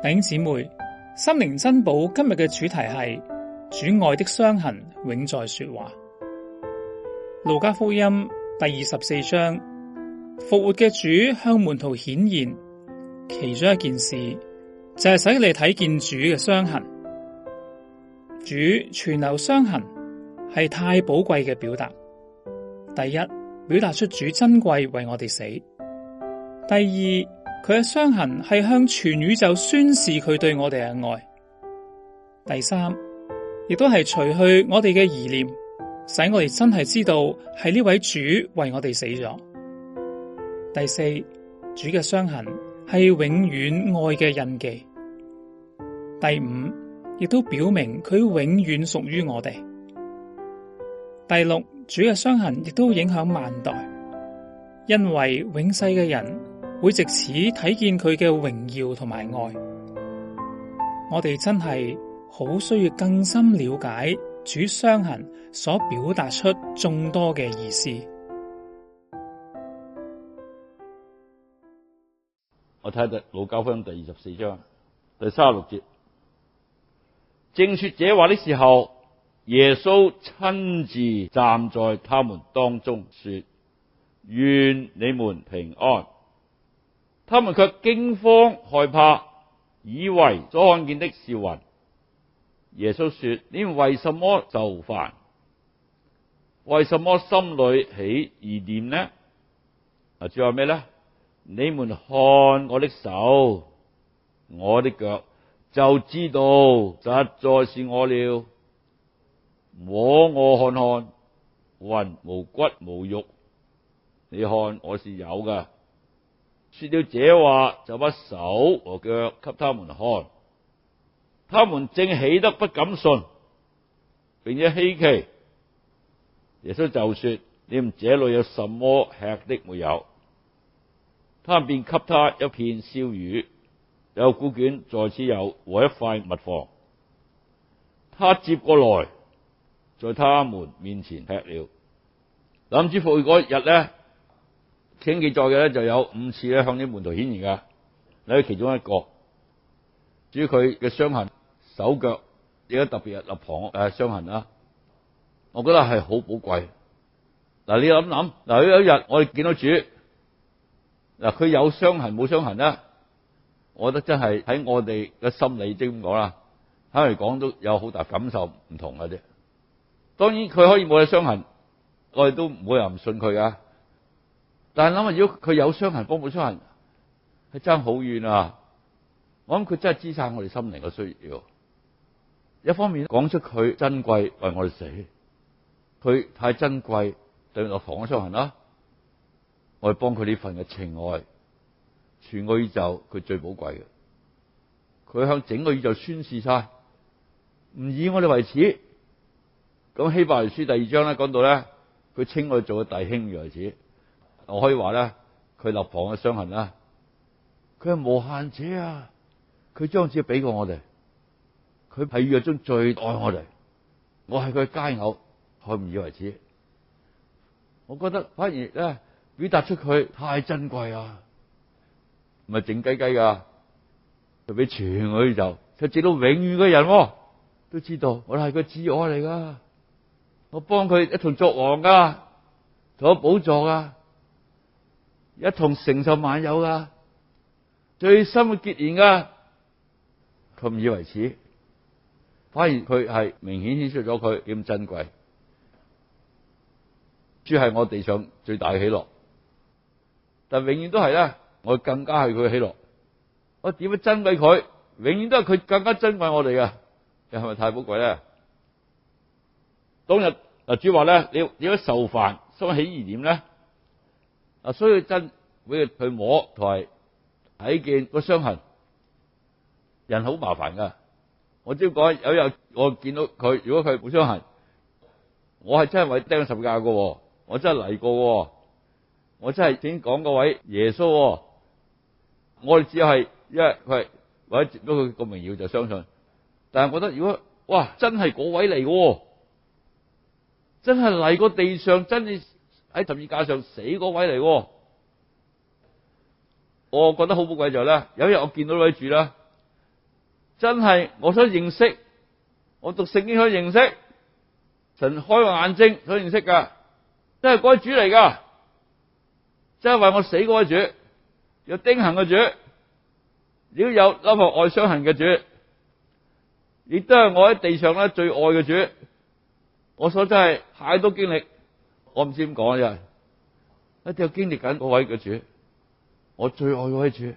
弟兄姊妹，心靈珍寶今日嘅主題係主愛的傷痕永在說話。路加福音第二十四章復活嘅主向門徒顯現，其中一件事就係使你哋睇見主嘅傷痕。主存留傷痕係太寶貴嘅表達。第一，表達出主珍貴為我哋死。第二。佢嘅傷痕係向全宇宙宣示佢對我哋嘅愛。第三，亦都係除去我哋嘅疑念，使我哋真係知道係呢位主為我哋死咗。第四，主嘅傷痕係永遠愛嘅印記。第五，亦都表明佢永遠屬於我哋。第六，主嘅傷痕亦都影響萬代，因為永世嘅人。會借此睇見佢嘅榮耀同埋愛，我哋真係好需要更深了解主傷痕所表達出眾多嘅意思。我睇下《路加福音》第二十四章第三十六節，正說，說這話嘅時候，耶穌親自站在他們當中，說：願你們平安。他們卻驚慌害怕，以為所看見的是魂。耶穌說：你們為什麼愁煩？為什麼心裏起疑念呢？啊，最後咩呢？「你們看我的手、我的腳，就知道實在是我了。摸我看看，魂無,無骨無肉，你看我是有噶。說了這話，就把手和腳給他們看。他們正喜得不敢信，並且希奇。耶穌就說：你們這裡有什麼吃的沒有？他便給他一片燒魚，有古卷在此有和一塊蜜房。他接過來，在他們面前吃了。諗住復活嗰日呢。聖經記載嘅咧就有五次咧向啲門徒顯現噶，你睇其中一個，至於佢嘅傷痕、手腳，有啲特別嘅肋旁誒傷痕啦，我覺得係好寶貴。嗱，你諗諗，嗱有一日我哋見到主，嗱佢有傷痕冇傷痕咧，我覺得真係喺我哋嘅心裡即係咁講啦，睇嚟講都有好大感受唔同嘅啫。當然佢可以冇嘅傷痕，我哋都冇人唔信佢㗎。但係諗下，如果佢有傷痕，幫冇傷痕，係爭好遠啊！我諗佢真係支撐我哋心靈嘅需要。一方面講出佢珍貴，為我哋死，佢太珍貴，對肋旁嘅傷痕啦，我哋幫佢呢份嘅情愛，全個宇宙佢最寶貴嘅，佢向整個宇宙宣示晒，唔以我哋為恥。咁希伯來書第二章咧講到咧，佢稱我哋做弟兄為恥。我可以話咧，佢肋旁嘅傷痕啦，佢係無限者啊！佢將子俾過我哋，佢係宇宙中最愛我哋。我係佢嘅佳偶，我唔以為恥。我覺得反而咧，表達出佢太珍貴啊！唔係靜雞雞噶，佢俾全女。就，佢直到永遠嘅人都知道我我，我係佢摯愛嚟噶。我幫佢一同作王噶，同我補助噶。一同承受萬有噶，最深嘅結緣噶，佢唔以為恥，反而佢係明顯顯示咗佢點珍貴。主係我地上最大嘅喜樂，但係永遠都係咧，我更加係佢嘅喜樂。我點樣珍貴佢？永遠都係佢更加珍貴我哋噶。你係咪太寶貴咧？當日嗱，主話咧，你點解愁煩，所起疑點咧？嗱，所以真。俾佢去摸同埋睇見個傷痕，人好麻煩噶。我只要講有一日我見到佢，如果佢係冇傷痕，我係真係位釘十架噶，我真係嚟過，我真係點講個位耶穌。我哋只係因為佢或者只不過個名要就相信，但係覺得如果哇真係嗰位嚟噶，真係嚟個地上真係喺十字架上死嗰位嚟噶。我覺得好寶貴就咧、是，有一日我見到嗰位主啦，真係我想認識，我讀聖經想認識，神開個眼睛想認識噶，都係嗰位主嚟噶，即係為我死嗰位主，有釘痕嘅主，亦都有嗰個愛傷痕嘅主，亦都係我喺地上咧最愛嘅主，我所真係太多經歷，我唔知點講啊，真係一直經歷緊嗰位嘅主。我最愛嗰位主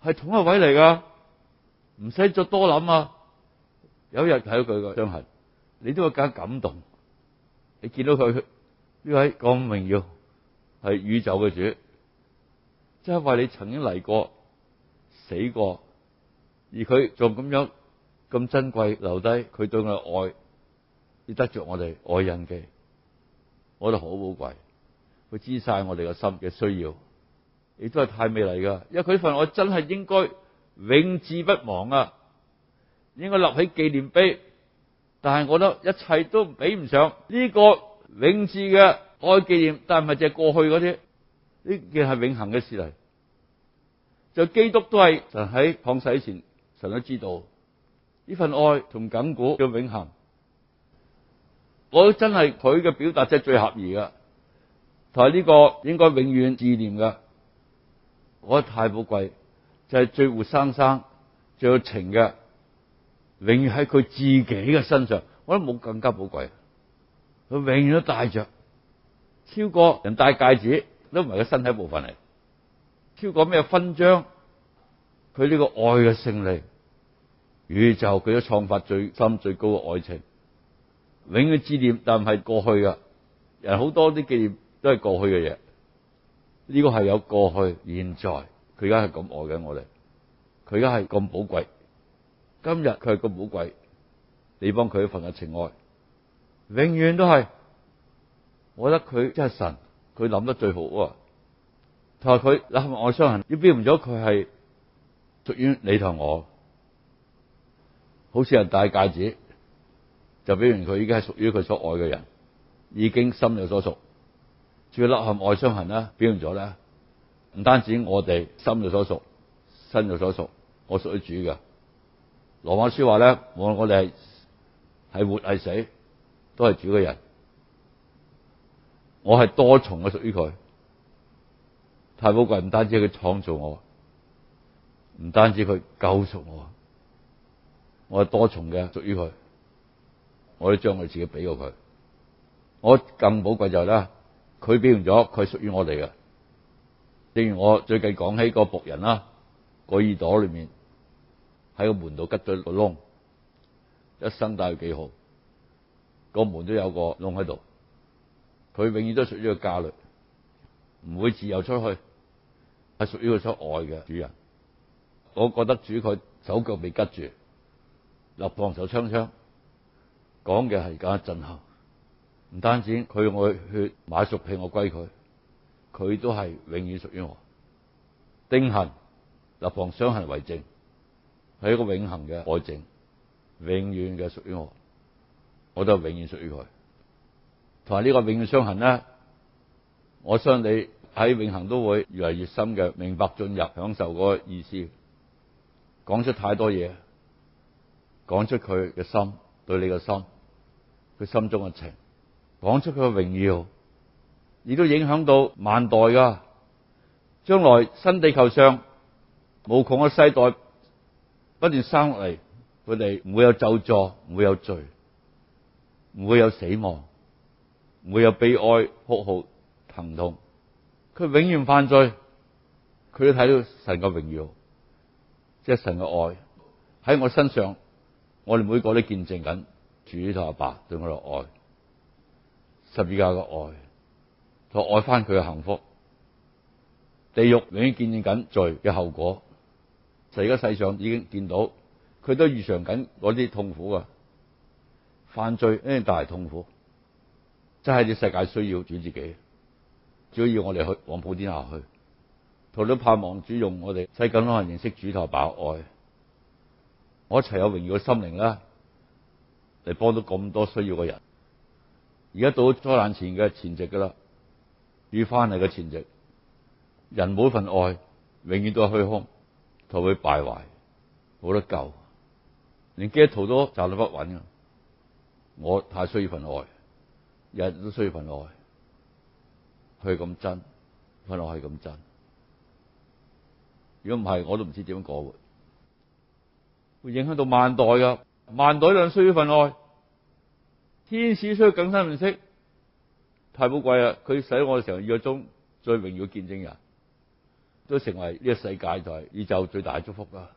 係同一位嚟噶，唔使再多諗啊！有一日睇到佢個傷痕，你都會更感動。你見到佢呢位咁榮耀，係宇宙嘅主，真係為你曾經嚟過、死過，而佢仲咁樣咁珍貴留低佢對我嘅愛，要得着我哋愛人嘅，我覺得好寶貴，佢知晒我哋嘅心嘅需要。亦都係太美麗㗎，因為佢份愛真係應該永志不忘啊！應該立起紀念碑，但係我覺得一切都比唔上呢個永志嘅愛紀念。但係唔係就係過去嗰啲，呢件係永恆嘅事嚟。就基督都係神喺創世以前，神都知道呢份愛同感股嘅永恆。我真係佢嘅表達即係最合宜㗎，同埋呢個應該永遠記念㗎。我覺得太寶貴，就係、是、最活生生、最有情嘅，永遠喺佢自己嘅身上。我覺得冇更加寶貴，佢永遠都戴着，超過人戴戒指，都唔係佢身體部分嚟，超過咩勳章，佢呢個愛嘅勝利，宇宙佢都創發最深、最高嘅愛情，永遠嘅紀念，但唔係過去噶，人好多啲紀念都係過去嘅嘢。呢個係有過去、現在，佢而家係咁愛嘅我哋，佢而家係咁寶貴，今日佢係咁寶貴，你幫佢一份嘅情愛，永遠都係，我覺得佢真係神，佢諗得最好啊！同埋佢嗱，愛傷痕，呢表明咗佢係屬於你同我，好似係戴戒指，就表明佢已經係屬於佢所愛嘅人，已經心有所屬。要凹陷外傷痕啦，表現咗啦。唔單止我哋心就所屬，身就所屬，我屬於主嘅。羅馬書話咧，我我哋係係活係死都係主嘅人。我係多重嘅屬於佢。太寶貴，唔單止佢創造我，唔單止佢救贖我，我係多重嘅屬於佢。我都將我自己俾過佢。我咁寶貴就係、是、咧。佢表現咗，佢屬於我哋嘅。正如我最近講起個僕人啦，個耳朵裏面喺個門度吉咗個窿，一生帶幾好。個門都有個窿喺度，佢永遠都屬於個家律，唔會自由出去，係屬於佢出外嘅主人。我覺得主佢手腳被吉住，立防手槍槍講嘅係咁震撼。唔單止佢我血買贖聘我歸佢，佢都係永遠屬於我。釘痕肋旁傷痕為證，係一個永恒嘅愛證，永遠嘅屬於我，我都係永遠屬於佢。同埋呢個永遠傷痕咧，我相信你喺永恒都會越嚟越深嘅明白進入享受嗰個意思。講出太多嘢，講出佢嘅心對你嘅心，佢心中嘅情。講出佢嘅榮耀，亦都影響到萬代㗎。將來新地球上無窮嘅世代不斷生落嚟，佢哋唔會有咒詛，唔會有罪，唔會有死亡，唔會有悲哀、哭號、疼痛。佢永遠犯罪，佢都睇到神嘅榮耀，即係神嘅愛喺我身上。我哋每個都見證緊主同阿爸，爸對我哋嘅愛。十字架嘅愛，就愛翻佢嘅幸福。地獄永遠見證緊罪嘅後果，就而家世上已經見到，佢都遇上緊嗰啲痛苦啊！犯罪一定帶痛苦，真係啲世界需要主自己，主要我哋去往普天下去，佢都盼望主用我哋，使更多人認識主頭把愛。我一齊有榮耀嘅心靈啦，嚟幫到咁多需要嘅人。而家到災難前嘅前夕噶啦，要翻嚟嘅前夕，人冇一份愛，永遠都係虛空，就會敗壞，冇得救。連基督徒都站立不穩嘅，我太需要份愛，日日都需要份愛。佢咁真，去去去我係咁真。如果唔係，我都唔知點樣過活，會影響到萬代噶，萬代都係需要份愛。天使需要更新信息，太寶貴啦！佢使我成為宇宙中最榮耀的見證人，都成為呢個世代在宇宙最大的祝福啦！